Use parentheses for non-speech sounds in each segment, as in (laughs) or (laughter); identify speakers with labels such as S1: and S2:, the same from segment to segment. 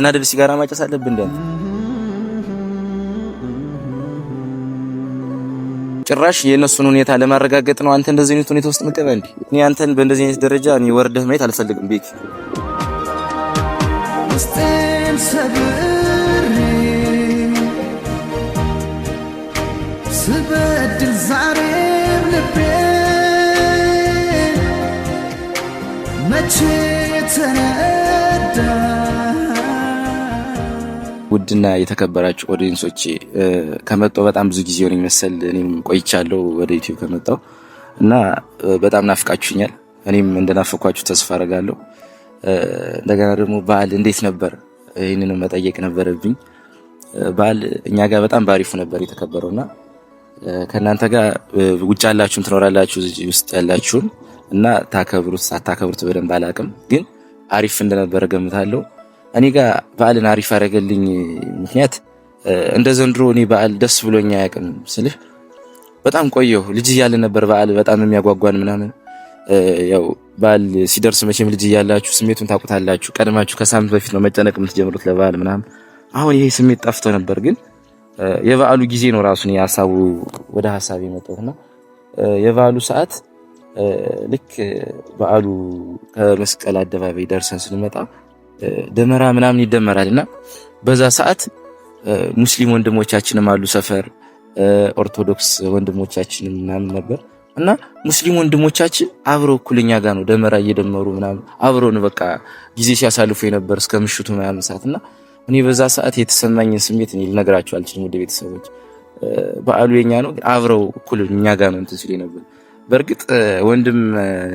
S1: እና ድብ ሲጋራ ማጨስ አለብህ እንዴ? ጭራሽ የእነሱን ሁኔታ ለማረጋገጥ ነው አንተ እንደዚህ አይነት ሁኔታ ውስጥ መቀበል እንዴ? እኔ አንተን በእንደዚህ አይነት ደረጃ እኔ ወርደህ ማየት አልፈልግም። ቤኪ ስበድል ዛሬም ልቤ መቼ ተነ ውድና የተከበራችሁ ኦዲየንሶቼ ከመጣሁ በጣም ብዙ ጊዜ ሆነኝ መሰል እኔም ቆይቻለሁ ወደ ዩቲዩብ ከመጣሁ እና በጣም ናፍቃችሁኛል። እኔም እንደናፈኳችሁ ተስፋ አደርጋለሁ። እንደገና ደግሞ በዓል እንዴት ነበር? ይህንን መጠየቅ ነበረብኝ። በዓል እኛ ጋር በጣም ባሪፉ ነበር የተከበረው እና ከእናንተ ጋር ውጭ ያላችሁም ትኖራላችሁ ውስጥ ያላችሁም እና ታከብሩት ሳታከብሩት በደንብ አላቅም ግን አሪፍ እንደነበረ ገምታለሁ። እኔ ጋር በዓልን አሪፍ አደረገልኝ ምክንያት እንደ ዘንድሮ እኔ በዓል ደስ ብሎኛ አያውቅም ስልህ በጣም ቆየሁ። ልጅ እያለ ነበር በዓል በጣም የሚያጓጓን ምናምን። ያው በዓል ሲደርስ መቼም ልጅ እያላችሁ ስሜቱን ታውቁታላችሁ። ቀድማችሁ ከሳምንት በፊት ነው መጨነቅ የምትጀምሩት ለበዓል ምናምን። አሁን ይሄ ስሜት ጠፍቶ ነበር፣ ግን የበዓሉ ጊዜ ነው ራሱን የሀሳቡ ወደ ሀሳብ የመጣሁትና የበዓሉ ሰዓት ልክ በዓሉ ከመስቀል አደባባይ ደርሰን ስንመጣ ደመራ ምናምን ይደመራል እና በዛ ሰዓት ሙስሊም ወንድሞቻችንም አሉ ሰፈር ኦርቶዶክስ ወንድሞቻችንም ምናምን ነበር እና ሙስሊም ወንድሞቻችን አብረው እኩልኛ ጋር ነው ደመራ እየደመሩ ምናምን አብረውን በቃ ጊዜ ሲያሳልፉ የነበር እስከ ምሽቱ ምናምን ሰዓት እና እኔ በዛ ሰዓት የተሰማኝን ስሜት እኔ ልነግራቸው አልችልም። ወደ ቤተሰቦች በዓሉ የኛ ነው፣ አብረው እኩል እኛ ጋር ነው እንትን ነበር። በእርግጥ ወንድም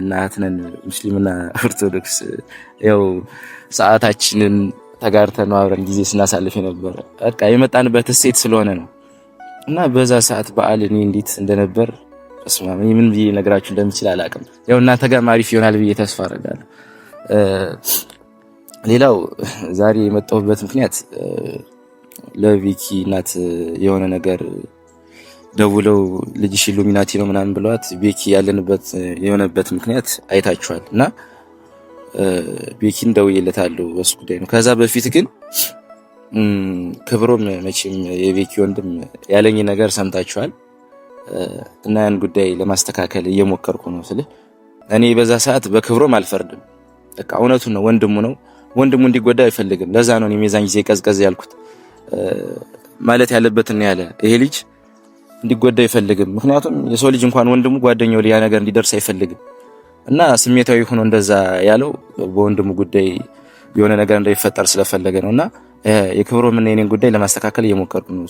S1: እና ሙስሊምና ኦርቶዶክስ ያው ሰዓታችንን ተጋርተን አብረን ጊዜ ስናሳልፍ የነበረ በቃ የመጣንበት እሴት ስለሆነ ነው እና በዛ ሰዓት በዓል እኔ እንዴት እንደነበር ስማ ምን ብዬ ነገራችሁ እንደምችል አላቅም። ያው እናንተ ጋር አሪፍ ይሆናል ብዬ ተስፋ አደርጋለሁ። ሌላው ዛሬ የመጣሁበት ምክንያት ለቪኪ እናት የሆነ ነገር ደውለው ልጅሽ ኢሉሚናቲ ነው ምናምን ብለዋት ቤኪ ያለንበት የሆነበት ምክንያት አይታችኋል። እና ቤኪን ደውዬለታለሁ በሱ ጉዳይ ነው። ከዛ በፊት ግን ክብሮም መቼም የቤኪ ወንድም ያለኝ ነገር ሰምታችኋል። እና ያን ጉዳይ ለማስተካከል እየሞከርኩ ነው ስል እኔ በዛ ሰዓት በክብሮም አልፈርድም። በቃ እውነቱ ነው፣ ወንድሙ ነው። ወንድሙ እንዲጎዳ አይፈልግም። ለዛ ነው የዛን ጊዜ ቀዝቀዝ ያልኩት። ማለት ያለበትን ያለ ይሄ ልጅ እንዲጎዳ አይፈልግም። ምክንያቱም የሰው ልጅ እንኳን ወንድሙ ጓደኛው ያ ነገር እንዲደርስ አይፈልግም እና ስሜታዊ ሆኖ እንደዛ ያለው በወንድሙ ጉዳይ የሆነ ነገር እንዳይፈጠር ስለፈለገ ነው እና የክብሮም እና የኔን ጉዳይ ለማስተካከል እየሞከርኩ ነው።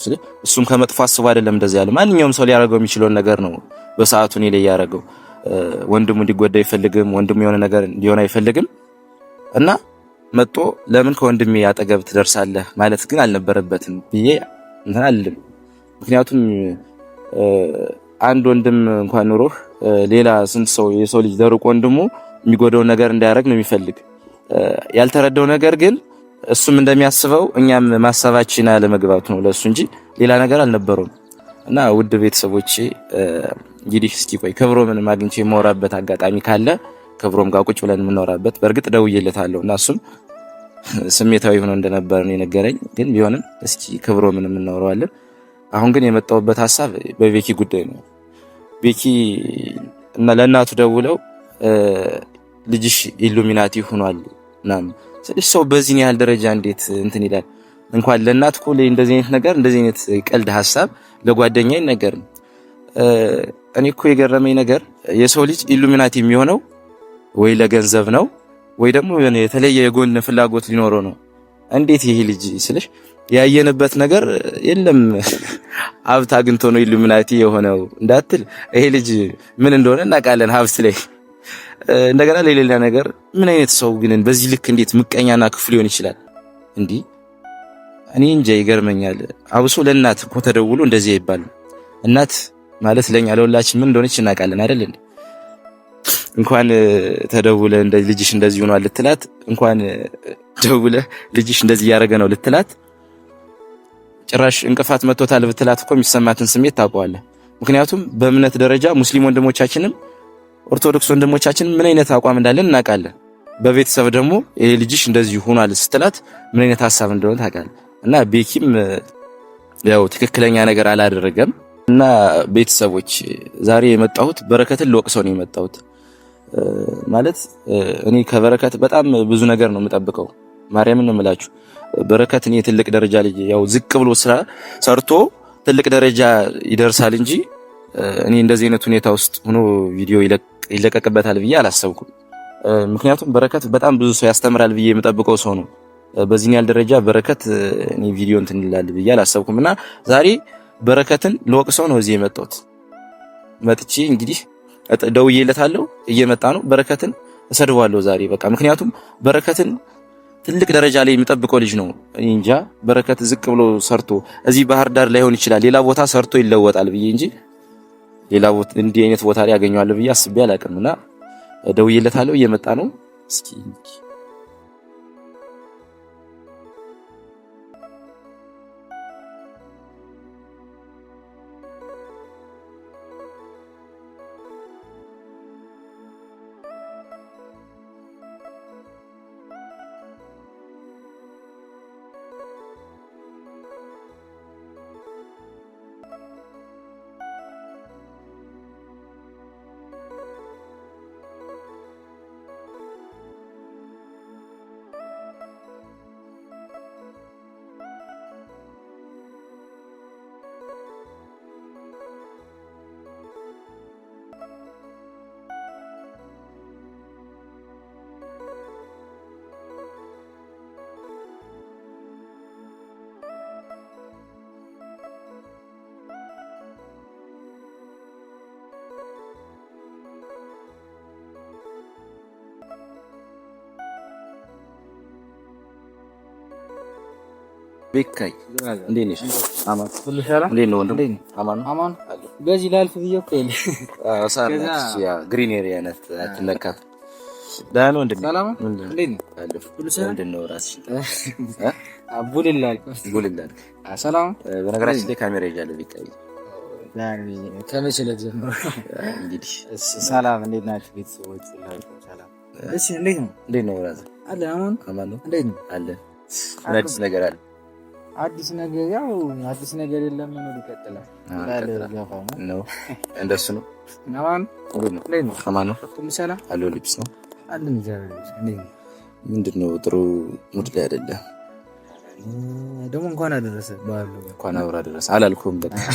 S1: እሱም ከመጥፎ አስቦ አይደለም እንደዚህ ያለ ማንኛውም ሰው ሊያደርገው የሚችለውን ነገር ነው በሰዓቱ እኔ ላይ ያደረገው። ወንድሙ እንዲጎዳ አይፈልግም። ወንድሙ የሆነ ነገር እንዲሆን አይፈልግም እና መጦ ለምን ከወንድሜ አጠገብ ትደርሳለህ ማለት ግን አልነበረበትም ብዬ እንትን አልልም። ምክንያቱም አንድ ወንድም እንኳን ኑሮህ ሌላ ስንት ሰው የሰው ልጅ ደርቆ ወንድሙ የሚጎደው ነገር እንዳያደርግ ነው የሚፈልግ። ያልተረዳው ነገር ግን እሱም እንደሚያስበው እኛም ማሰባችን አለመግባቱ ነው ለእሱ እንጂ ሌላ ነገር አልነበረውም። እና ውድ ቤተሰቦቼ እንግዲህ እስኪ ቆይ ክብሮምን አግኝቼ የማወራበት አጋጣሚ ካለ ክብሮም ጋር ቁጭ ብለን የምናወራበት በእርግጥ ደውዬለታለሁ እና እሱም ስሜታዊ ሆኖ እንደነበረ ነው የነገረኝ። ግን ቢሆንም እስኪ ክብሮምን የምናወራዋለን። አሁን ግን የመጣሁበት ሀሳብ በቤኪ ጉዳይ ነው። ቤኪ እና ለእናቱ ደውለው ልጅሽ ኢሉሚናቲ ሆኗል ምናምን ሰው በዚህን ያህል ደረጃ እንዴት እንትን ይላል? እንኳን ለእናት እኮ እንደዚህ አይነት ነገር እንደዚህ አይነት ቀልድ ሀሳብ ለጓደኛ አይነገርም። እኔ እኮ የገረመኝ ነገር የሰው ልጅ ኢሉሚናቲ የሚሆነው ወይ ለገንዘብ ነው ወይ ደግሞ የተለየ የጎን ፍላጎት ሊኖረው ነው። እንዴት ይሄ ልጅ ስልሽ ያየንበት ነገር የለም። (laughs) ሀብት አግኝቶ ነው ኢሉሚናቲ የሆነው እንዳትል፣ ይሄ ልጅ ምን እንደሆነ እናውቃለን። ሀብት ላይ እንደገና ለሌላ ነገር ምን አይነት ሰው ግን በዚህ ልክ እንዴት ምቀኛና ክፉ ሊሆን ይችላል? እንዲህ እኔ እንጃ ይገርመኛል። አብሶ ለእናት እኮ ተደውሎ እንደዚህ ይባል። እናት ማለት ለኛ ለሁላችን ምን እንደሆነች እናውቃለን አይደል? እንኳን ተደውለ ልጅሽ እንደዚህ ሆኗል ልትላት እንኳን ደውለ ልጅሽ እንደዚህ እያደረገ ነው ልትላት ጭራሽ እንቅፋት መጥቶታል ብትላት እኮ የሚሰማትን ስሜት ታውቀዋለህ። ምክንያቱም በእምነት ደረጃ ሙስሊም ወንድሞቻችንም ኦርቶዶክስ ወንድሞቻችንም ምን አይነት አቋም እንዳለን እናውቃለን። በቤተሰብ ደግሞ ይህ ልጅሽ እንደዚህ ሆኗል ስትላት ምን አይነት ሀሳብ እንደሆነ ታውቃለህ። እና ቤኪም ያው ትክክለኛ ነገር አላደረገም። እና ቤተሰቦች ዛሬ የመጣሁት በረከትን ልወቅሰው ነው የመጣሁት። ማለት እኔ ከበረከት በጣም ብዙ ነገር ነው የምጠብቀው ማርያምን ነው የምላችሁ። በረከት እኔ ትልቅ ደረጃ ልጅ ያው ዝቅ ብሎ ስራ ሰርቶ ትልቅ ደረጃ ይደርሳል እንጂ እኔ እንደዚህ አይነት ሁኔታ ውስጥ ሆኖ ቪዲዮ ይለቀቅበታል ብዬ አላሰብኩም። ምክንያቱም በረከት በጣም ብዙ ሰው ያስተምራል ብዬ የምጠብቀው ሰው ነው። በዚህን ያህል ደረጃ በረከት እኔ ቪዲዮ እንትን ይላል ብዬ አላሰብኩም እና ዛሬ በረከትን ለወቅ ሰው ነው እዚህ የመጣሁት። መጥቼ እንግዲህ ደውዬለታለሁ፣ እየመጣ ነው። በረከትን እሰድባለሁ ዛሬ በቃ ምክንያቱም በረከትን ትልቅ ደረጃ ላይ የሚጠብቀው ልጅ ነው። እንጃ በረከት ዝቅ ብሎ ሰርቶ እዚህ ባህር ዳር ላይሆን ይችላል ሌላ ቦታ ሰርቶ ይለወጣል ብዬ እንጂ ሌላ እንዲህ አይነት ቦታ ላይ ያገኘዋል ብዬ አስቤ አላቅም እና ደውዬለታለሁ። እየመጣ ነው እስኪ ቤካይ እንዴት ነሽ? አማን እንዴት ነው ወንድም? አማን አማን። በዚህ ላልፍ ብዬ እኮ ግሪን ኤሪያ ናት አትነካም። ደህና ነው ወንድም? ሰላም ነው። ሰላም። በነገራችን ላይ ካሜራ ይዣለሁ። ቤካይ ከመቼ ዕለት ጀምሮ እንግዲህ። ሰላም እንዴት ናችሁ ቤተሰቦች? እንዴት ነው? አማን ነው። እንዴት ነው? አለ ምን አዲስ ነገር አለ? አዲስ ነገር ያው አዲስ ነገር የለም። ምን ይቀጥላል? እንደሱ ነው። አሎ ልብስ ነው ምንድን ነው? ጥሩ ሙድ ላይ አይደለም። ደግሞ እንኳን አደረሰ እንኳን አብሮ አደረሰ አላልኩም። (laughs)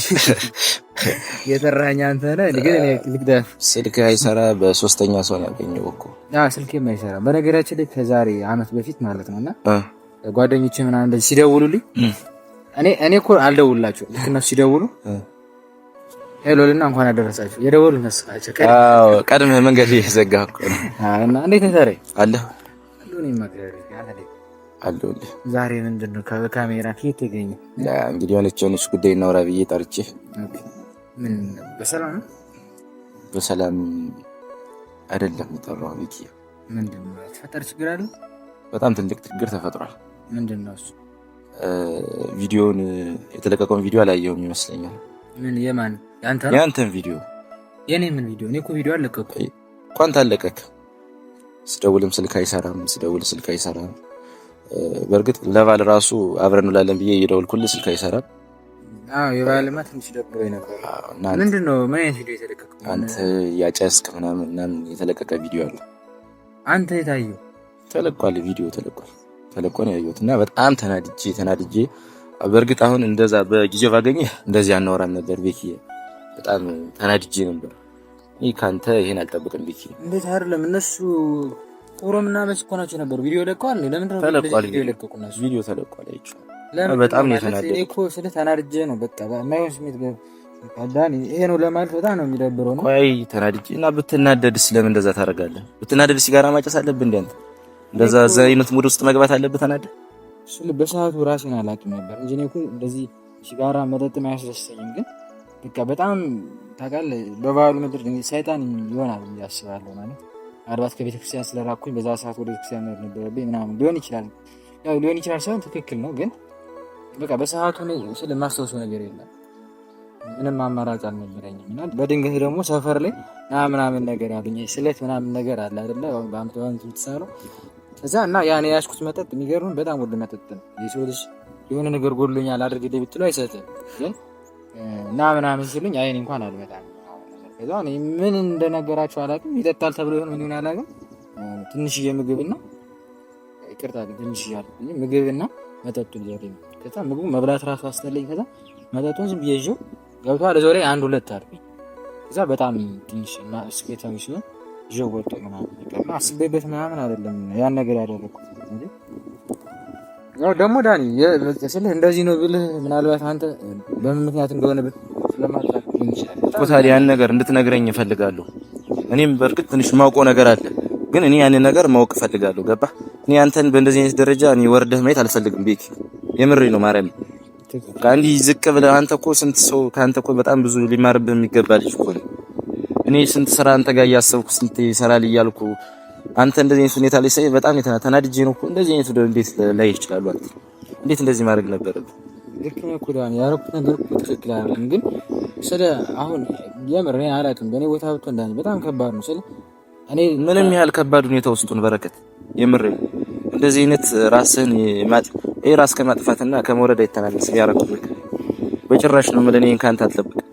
S1: የጠራኸኝ አንተ ነህ። ስልክ አይሰራ በሶስተኛ ሰው ነው ያገኘው እኮ ስልክ አይሰራ። በነገራችን ላይ ከዛሬ አመት በፊት ማለት ነው እና ጓደኞች ምናምን እንደዚህ ሲደውሉልኝ እኔ እኔ እኮ አልደውልላቸው ልክ እነሱ ሲደውሉ ሄሎ ልና እንኳን አደረሳችሁ የደወሉ እነሱ ናቸው። ቀድመህ መንገድ እየዘጋ እና እንዴት ነህ ታዲያ አለሁ አለሁልህ። ዛሬ ምንድን ነው ከካሜራ ከየት ተገኘ? እንግዲህ የሆነች የሆነች ጉዳይ እናውራ ብዬ ጠርቼ ምን በሰላም ነው በሰላም አይደለም የጠራሁህ። ምንድን ነው የተፈጠረ ችግር አለ? በጣም ትልቅ ችግር ተፈጥሯል። ምንድን ነው እሱ? ቪዲዮን የተለቀቀውን ቪዲዮ አላየውም ይመስለኛል። ምን? የማን? የአንተን ቪዲዮ? የእኔ ምን ቪዲዮ? እኔ እኮ ቪዲዮ አለቀኩ። ቋንት አለቀክ። ስደውልም ስልክ አይሰራም፣ ስደውል ስልክ አይሰራም። በእርግጥ ለባል ራሱ አብረን እንውላለን ብዬ እየደወልኩልህ ስልክ አይሰራም። የባልማ ትንሽ ደብሮኝ ነበር። ምንድን ነው? ምን አይነት ቪዲዮ የተለቀቀ? አንተ ያጨስክ ምናምን የተለቀቀ ቪዲዮ አለ። አንተ የታየው ተለቋል፣ ቪዲዮ ተለቋል። ተለቆ ነው ያየሁት እና በጣም ተናድጄ ተናድጄ በእርግጥ አሁን እንደዛ በጊዜው ባገኘ እንደዚህ አናወራም ነበር። ቤኪ በጣም ተናድጄ ነበር። ይህ ከአንተ ይሄን አልጠብቅም ቤኪ። እንዴት አይደለም እነሱ ኦሮምና መች እኮ ናቸው ነበሩ። ቪዲዮ ለቀዋል። ለምንድነው ቪዲዮ ተለቋል? በጣም ነው የተናደድኩት እኮ ስለ ተናድጄ ነው። በቃ የማይሆን ስሜት ይሄ ነው ለማለት በጣም ነው የሚደብረው። ነው ቆይ ተናድጄ እና ብትናደድስ፣ ለምን እንደዛ ታደርጋለህ? ብትናደድ ሲጋራ ማጨስ አለብህ እንደ አንተ እንደዛ እዛ አይነት ሙድ ውስጥ መግባት አለብህ? ተናደህ በሰዓቱ ራሴን አላውቅም ነበር እንጂ እኔ እኮ እንደዚህ ሲጋራ መጠጥ አያስደስተኝም። ግን በቃ በጣም ታውቃለህ፣ በባህሉ ምድር ሰይጣን ይሆናል ያስባለሁ ማለት ምናልባት ከቤተክርስቲያን ስለራኩኝ በዛ ሰዓት ወደ ቤተክርስቲያን መሄድ ነበረብኝ ምናምን ሊሆን ይችላል። ያው ሊሆን ይችላል ሳይሆን ትክክል ነው፣ ግን በቃ በሰዓቱ ነው ስል የማስታውሰው ነገር የለም። ምንም አማራጭ አልነበረኝም እና በድንገት ደግሞ ሰፈር ላይ ምናምን ነገር አገኘ ስለት ምናምን ነገር አለ አይደለ በአምቶ ትሳለው እዛ እና ያኔ ያሽኩት መጠጥ የሚገርም በጣም ውድ መጠጥ ነው። የሰው ልጅ የሆነ ነገር ጎድሎኛል አድርግ ብትሉ አይሰጥም። ግን እና ምናምን ሲሉኝ አይን እንኳን አልመጣም። ከዛ ምን እንደነገራቸው አላውቅም። ይጠጣል ተብሎ ይሆን ምን ይሆን አላውቅም። ትንሽዬ ምግብና ይቅርታ ትንሽ ያልኩኝ ምግብና መጠጡን ሊያሪ ነው። ከዛ ምግቡ መብላት ራሱ አስጠለኝ። ከዛ መጠጡን ዝም ብዬ ይዤው ገብቷል። እዛው ላይ አንድ ሁለት አድርገኝ። ከዛ በጣም ትንሽ ስኬታዊ ሲሆን ይዤው ወጣሁ ምናምን አስቤበት ምናምን አይደለም ያን ነገር ያደረኩት። ያው ደግሞ ዳኒ ስልህ እንደዚህ ነው ብልህ ምናልባት አንተ በምን ምክንያት እንደሆነ ስለማታውቅ እኮ ታዲያ ያን ነገር እንድትነግረኝ እፈልጋለሁ። እኔም በእርግጥ ትንሽ ማውቀው ነገር አለ፣ ግን እኔ ያንን ነገር ማወቅ እፈልጋለሁ። ገባ? እኔ አንተን በእንደዚህ አይነት ደረጃ እኔ ወርደህ ማየት አልፈልግም። ቤኪ የምሬ ነው ማርያም ከአንዲ ዝቅ ብለህ አንተ እኮ ስንት ሰው ከአንተ እኮ በጣም ብዙ ሊማርብህ የሚገባ ልጅ እኮ ነው እኔ ስንት ስራ አንተ ጋር እያሰብኩ ስንት ይሰራል እያልኩ አንተ እንደዚህ አይነት ሁኔታ ላይ ሳይ በጣም ተናድጄ ነው እኮ እንደዚህ አይነት ወደ እንዴት ላይ ይችላሉ? አንተ እንዴት እንደዚህ ማድረግ ነበር ልክ ነው እኮ ዳን ነገር እኮ ትክክል አይደለም። ግን ስለ አሁን የምር እኔ አላውቅም። በእኔ ቦታ ብቶ እንዳን በጣም ከባድ ነው። ስለ እኔ ምንም ያህል ከባድ ሁኔታ ውስጡን በረከት የምር እንደዚህ አይነት ራስን ማጥ ራስ ከማጥፋትና ከመውረድ አይተናነስም ያደረኩት ነገር በጭራሽ ነው የምልህ። እኔን ከአንተ አልጠብቅም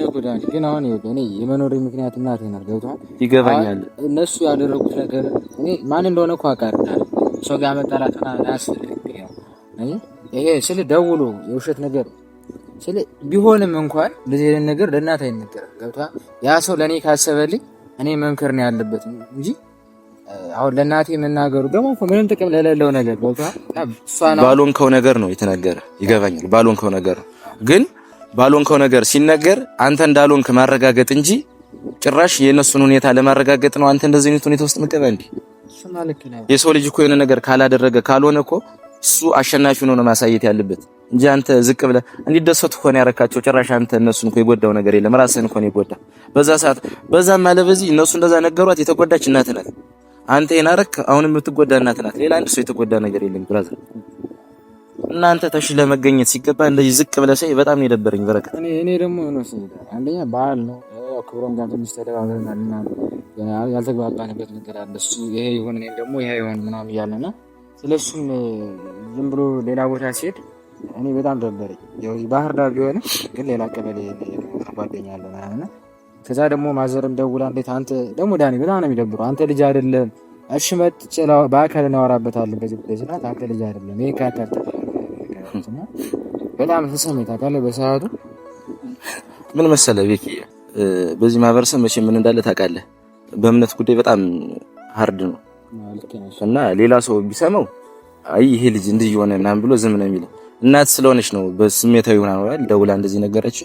S1: ይጎዳል። ግን አሁን እኔ የመኖር ምክንያት እናቴ ናት። ገብቶሃል? ይገባኛል። እነሱ ያደረጉት ነገር እኔ ማን እንደሆነ እኮ አውቃለሁ። ሰው ጋር መጣላት ምናምን ይሄ ስል ደውሎ የውሸት ነገር ስል ቢሆንም እንኳን እንደዚህ አይነት ነገር ለእናት አይነገርም። ገብቶሃል? ያ ሰው ለእኔ ካሰበልኝ እኔ መምከር ነው ያለበት እንጂ አሁን ለእናቴ የምናገሩ ደግሞ ምንም ጥቅም ለሌለው ነገር ገብቶሃል? ባልሆንከው ነገር ነው የተነገረ። ይገባኛል። ባልሆንከው ነገር ግን ባልሆንከው ነገር ሲነገር አንተ እንዳልሆንክ ማረጋገጥ እንጂ ጭራሽ የእነሱን ሁኔታ ለማረጋገጥ ነው። አንተ እንደዚህ አይነት ሁኔታ ውስጥ መገባ እንዴ? የሰው ልጅ እኮ የሆነ ነገር ካላደረገ ካልሆነ እኮ እሱ አሸናፊ ሆኖ ነው ማሳየት ያለበት እንጂ አንተ ዝቅ ብለህ እንዲደሰቱ እኮ ነው ያረካቸው። ጭራሽ አንተ እነሱን እኮ የጎዳው ነገር የለም፣ ራስህን እኮ ነው የጎዳ። በዛ ሰዓት በዛም አለ በዚህ እነሱ እንደዛ ነገሯት። የተጎዳች እናት ናት። አንተ የናረክ አሁን የምትጎዳ እናት ናት። ሌላ አንድ ሰው የተጎዳ ነገር የለም ብራዘር እናንተ ተሽ ለመገኘት ሲገባ እንደዚህ ዝቅ ብለህ ሳይ በጣም ነው የደበረኝ። በረከት እኔ እኔ ደግሞ ነው አንደኛ በዓል ነው ክብሮም ጋር ትንሽ ተደባብለናልና ያልተግባባንበት ነገር አለ። እሱ ይሄ ይሁን እኔም ደግሞ ይሄ ይሁን ምናምን እያለና ስለሱም ዝም ብሎ ሌላ ቦታ ሲሄድ እኔ በጣም ደበረኝ። ያው ባህር ዳር ቢሆንም ግን ሌላ ቀበሌ ጓደኛ አለና ከዛ ደግሞ ማዘርም ደውላ እንዴት አንተ ደግሞ ዳኒ በጣም ነው የሚደብረው አንተ ልጅ አይደለም እሺ መጥቼ በአካል እናወራበታለን በዚህ ጉዳይ ስላት አንተ ልጅ አይደለም ይሄን ካታርተ ያሉት እና በጣም ተሰሜታ ካለ በሰዓቱ ምን መሰለ ቤኪ፣ በዚህ ማህበረሰብ መቼ ምን እንዳለ ታውቃለህ። በእምነት ጉዳይ በጣም ሀርድ ነው እና ሌላ ሰው ቢሰማው አይ ይሄ ልጅ እንዲህ የሆነ ምናምን ብሎ ዝም ነው የሚለው። እናት ስለሆነች ነው በስሜታዊ ሆና ነው ደውላ እንደዚህ ነገረች።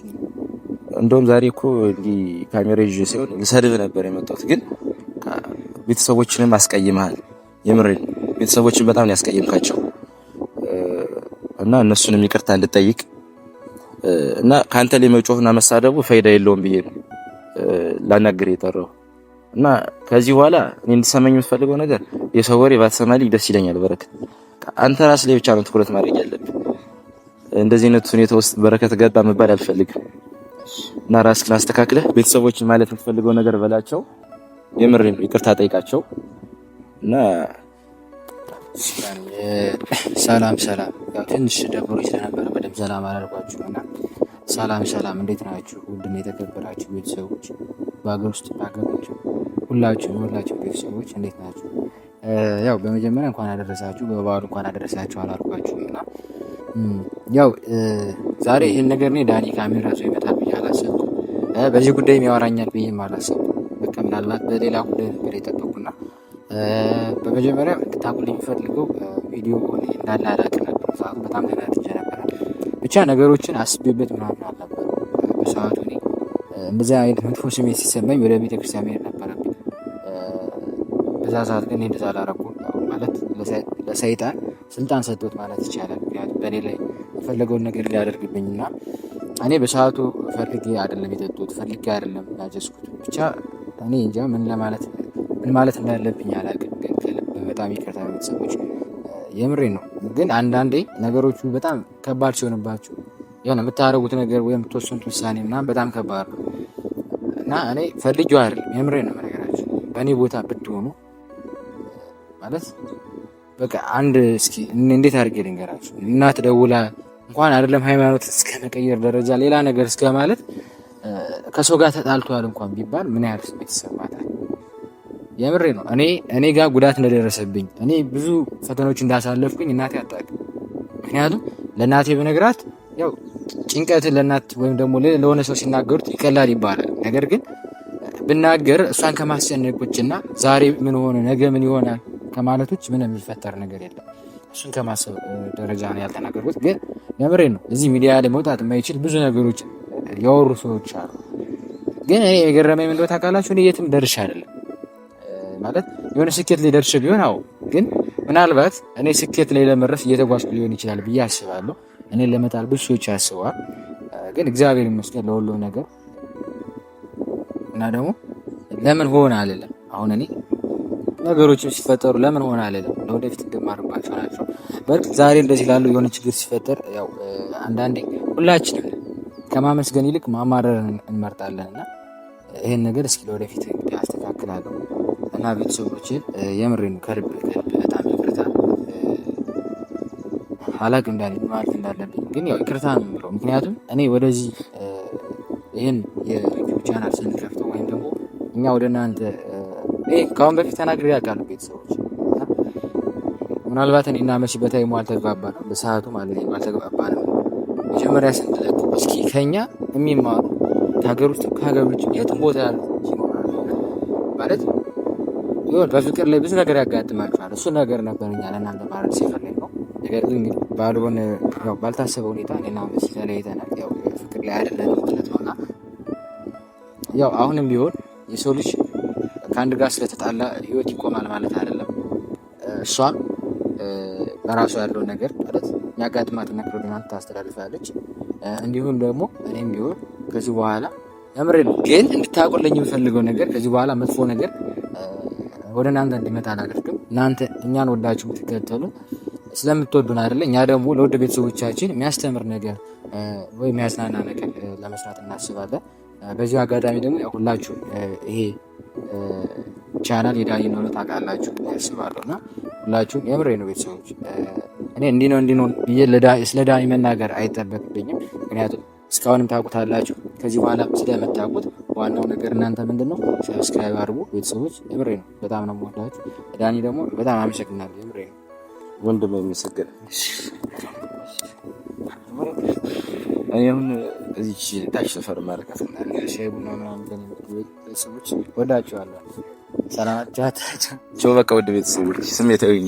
S1: እንደውም ዛሬ እኮ እንዲህ ካሜራ ይዤ ሲሆን ልሰድብ ነበር የመጣሁት፣ ግን ቤተሰቦችንም አስቀይመሃል። የምሬን ቤተሰቦችን በጣም ያስቀይምካቸው እና እነሱንም ይቅርታ እንድጠይቅ እና ከአንተ ላይ መጮህና መሳደቡ ፋይዳ የለውም ብዬ ነው ላናግር የጠራው እና ከዚህ በኋላ እኔ እንድሰማኝ የምትፈልገው ነገር የሰው ወሬ ባትሰማልኝ ደስ ይለኛል። በረከት አንተ ራስ ላይ ብቻ ነው ትኩረት ማድረግ ያለብህ። እንደዚህ አይነት ሁኔታ ውስጥ በረከት ገባ መባል አልፈልግም እና ራስህን አስተካክለህ ቤተሰቦችን ማለት የምትፈልገው ነገር በላቸው። የምር ይቅርታ ጠይቃቸው እና ሰላም ሰላም፣ ያው ትንሽ ደብሮ ስለነበረ በደንብ ሰላም አላልኳችሁም እና ሰላም ሰላም፣ እንዴት ናችሁ? ውድና የተከበራችሁ ቤተሰቦች በሀገር ውስጥ በሀገር ናቸው ሁላችሁ ሁላችሁ ቤተሰቦች እንዴት ናችሁ? ያው በመጀመሪያ እንኳን አደረሳችሁ በበዓሉ እንኳን አደረሳችሁ አላልኳችሁም እና ያው ዛሬ ይህን ነገር እኔ ዳኒ ካሜራ ይዞ ይመጣል ብዬ አላሰብኩም። በዚህ ጉዳይም የሚያወራኛል ብዬም አላሰብኩም። በቃ ምናልባት በሌላ ጉዳይ ነበር የጠበኩና በመጀመሪያ እንድታቁልኝ የሚፈልገው ቪዲዮ እንዳለ አላቅ ነበር። ሰዓቱ በጣም ተናድጄ ነበረ። ብቻ ነገሮችን አስቤበት ምናምን አልነበረ። በሰዓቱ እኔ እንደዚህ አይነት መጥፎ ስሜት ሲሰማኝ ወደ ቤተክርስቲያን መሄድ ነበረብኝ። በዛ ሰዓት ግን እንደዛ አላረኩም። ማለት ለሰይጣን ስልጣን ሰጥቶት ማለት ይቻላል። ምክንያቱም በእኔ ላይ የፈለገውን ነገር ሊያደርግብኝ እና እኔ በሰዓቱ ፈልጌ አይደለም የጠጡት ፈልጌ አይደለም ያጀዝኩት ብቻ እኔ እንጃ ምን ለማለት ምን ማለት እንዳለብኝ አላውቅም፣ ግን ከልብ በጣም ይቅርታ ቤተሰቦች፣ የምሬ ነው። ግን አንዳንዴ ነገሮቹ በጣም ከባድ ሲሆንባችሁ የሆነ የምታደርጉት ነገር ወይም የምትወስኑት ውሳኔ ምናምን በጣም ከባድ ነው እና እኔ ፈልጌው አይደለም፣ የምሬ ነው። ነገራችሁ በእኔ ቦታ ብትሆኑ ማለት በቃ አንድ እስኪ እንዴት አድርጌ ልንገራችሁ፣ እናት ደውላ እንኳን አይደለም ሃይማኖት እስከ መቀየር ደረጃ ሌላ ነገር እስከ ማለት ከሰው ጋር ተጣልቷል እንኳን ቢባል ምን ያህል ስሜት ይሰማል? የምሬ ነው። እኔ እኔ ጋር ጉዳት እንደደረሰብኝ እኔ ብዙ ፈተናዎች እንዳሳለፍኩኝ እናቴ አታውቅም። ምክንያቱም ለእናቴ በነግራት ያው ጭንቀት ለእናት ወይም ደግሞ ለሆነ ሰው ሲናገሩት ይቀላል ይባላል። ነገር ግን ብናገር እሷን ከማስጨነቆችና ዛሬ ምን ሆነ ነገ ምን ይሆናል ከማለቶች ምን የሚፈጠር ነገር የለም። እሱን ከማሰብ ደረጃ ነው ያልተናገርኩት። ግን የምሬ ነው። እዚህ ሚዲያ ላይ መውጣት የማይችል ብዙ ነገሮች ያወሩ ሰዎች አሉ። ግን እኔ የገረመኝ ምንድነው ታውቃላችሁ? እኔ የትም ደርሼ አይደለም ማለት የሆነ ስኬት ላይ ደርሼ ቢሆን አዎ፣ ግን ምናልባት እኔ ስኬት ላይ ለመድረስ እየተጓዝኩ ሊሆን ይችላል ብዬ አስባለሁ። እኔ ለመጣል ብዙ ሰዎች ግን እግዚአብሔር ይመስገን ለሁሉም ነገር እና ደግሞ ለምን ሆን አልልም። አሁን እኔ ነገሮችም ሲፈጠሩ ለምን ሆን አልልም፣ ለወደፊት እንደማርባቸው ናቸው። በእርግጥ ዛሬ እንደዚህ ላለው የሆነ ችግር ሲፈጠር ያው አንዳንዴ ሁላችንም ከማመስገን ይልቅ ማማረርን እንመርጣለን እና ይህን ነገር እስኪ ለወደፊት አስተካክላለሁ። እና ቤተሰቦችን የምሬን ከልብ ከልብ በጣም ይቅርታ አላቅም እንዳለ ማለት እንዳለብኝ ግን ያው ይቅርታ ነው የምለው። ምክንያቱም እኔ ወደዚህ ይህን የዩቲዩብ ቻናል ስንከፍተው ወይም ደግሞ እኛ ወደ እናንተ ከአሁን በፊት ተናግሬ ያውቃሉ ቤተሰቦች ምናልባት እኔ እና መሲ በታይሙ ነው በሰዓቱ ማለት ነው አልተግባባንም። መጀመሪያ ስንለቅ እስኪ ከኛ የሚማሩ ከሀገር ውስጥ ከሀገር ውጭ የትም ቦታ ያሉ ይሁን በፍቅር ላይ ብዙ ነገር ያጋጥማችኋል። እሱ ነገር ነበር እኛ ለእናንተ ማለት ሲፈልግ ነው። ነገር ግን ባልሆነ ባልታሰበ ሁኔታ እኔና መሲ ተለያይተናል። ያው ፍቅር ላይ አይደለም ማለት ነው እና ያው አሁንም ቢሆን የሰው ልጅ ከአንድ ጋር ስለተጣላ ህይወት ይቆማል ማለት አይደለም። እሷም በራሷ ያለውን ነገር ማለት የሚያጋጥማት ነገር ወደ እናንተ ታስተላልፋለች። እንዲሁም ደግሞ እኔም ቢሆን ከዚህ በኋላ እምርን ግን እንድታቆለኝ የምፈልገው ነገር ከዚህ በኋላ መጥፎ ነገር ወደ እናንተ እንዲመጣ አላደርግም። እናንተ እኛን ወዳችሁ ትከተሉ ስለምትወዱን አይደለ? እኛ ደግሞ ለውድ ቤተሰቦቻችን የሚያስተምር ነገር ወይ የሚያዝናና ነገር ለመስራት እናስባለን። በዚሁ አጋጣሚ ደግሞ ሁላችሁ ይሄ ቻናል የዳይ ነው ታውቃላችሁ ያስባለሁ እና ሁላችሁም የምሬ ነው ቤተሰቦች፣ እኔ እንዲህ ነው እንዲህ ነው ብዬ ስለ ዳኒ መናገር አይጠበቅብኝም። ምክንያቱም እስካሁንም ታውቁታላችሁ ከዚህ በኋላ ስለምታውቁት ዋናው ነገር እናንተ ምንድን ነው ሰብስክራይብ አድርጉ ቤተሰቦች። የምሬ ነው፣ በጣም ነው የምወዳችሁ። ዳኒ ደግሞ በጣም አመሰግናለሁ። የምሬ ነው ወንድም የሚመሰገን እኔ እዚች ታች ሰፈር ሻይ ቡና ምናምን ቤተሰቦች ወዳችኋለሁ። ሰላማችሁ ቸው በቃ ወደ ቤተሰቦች ስሜታዊ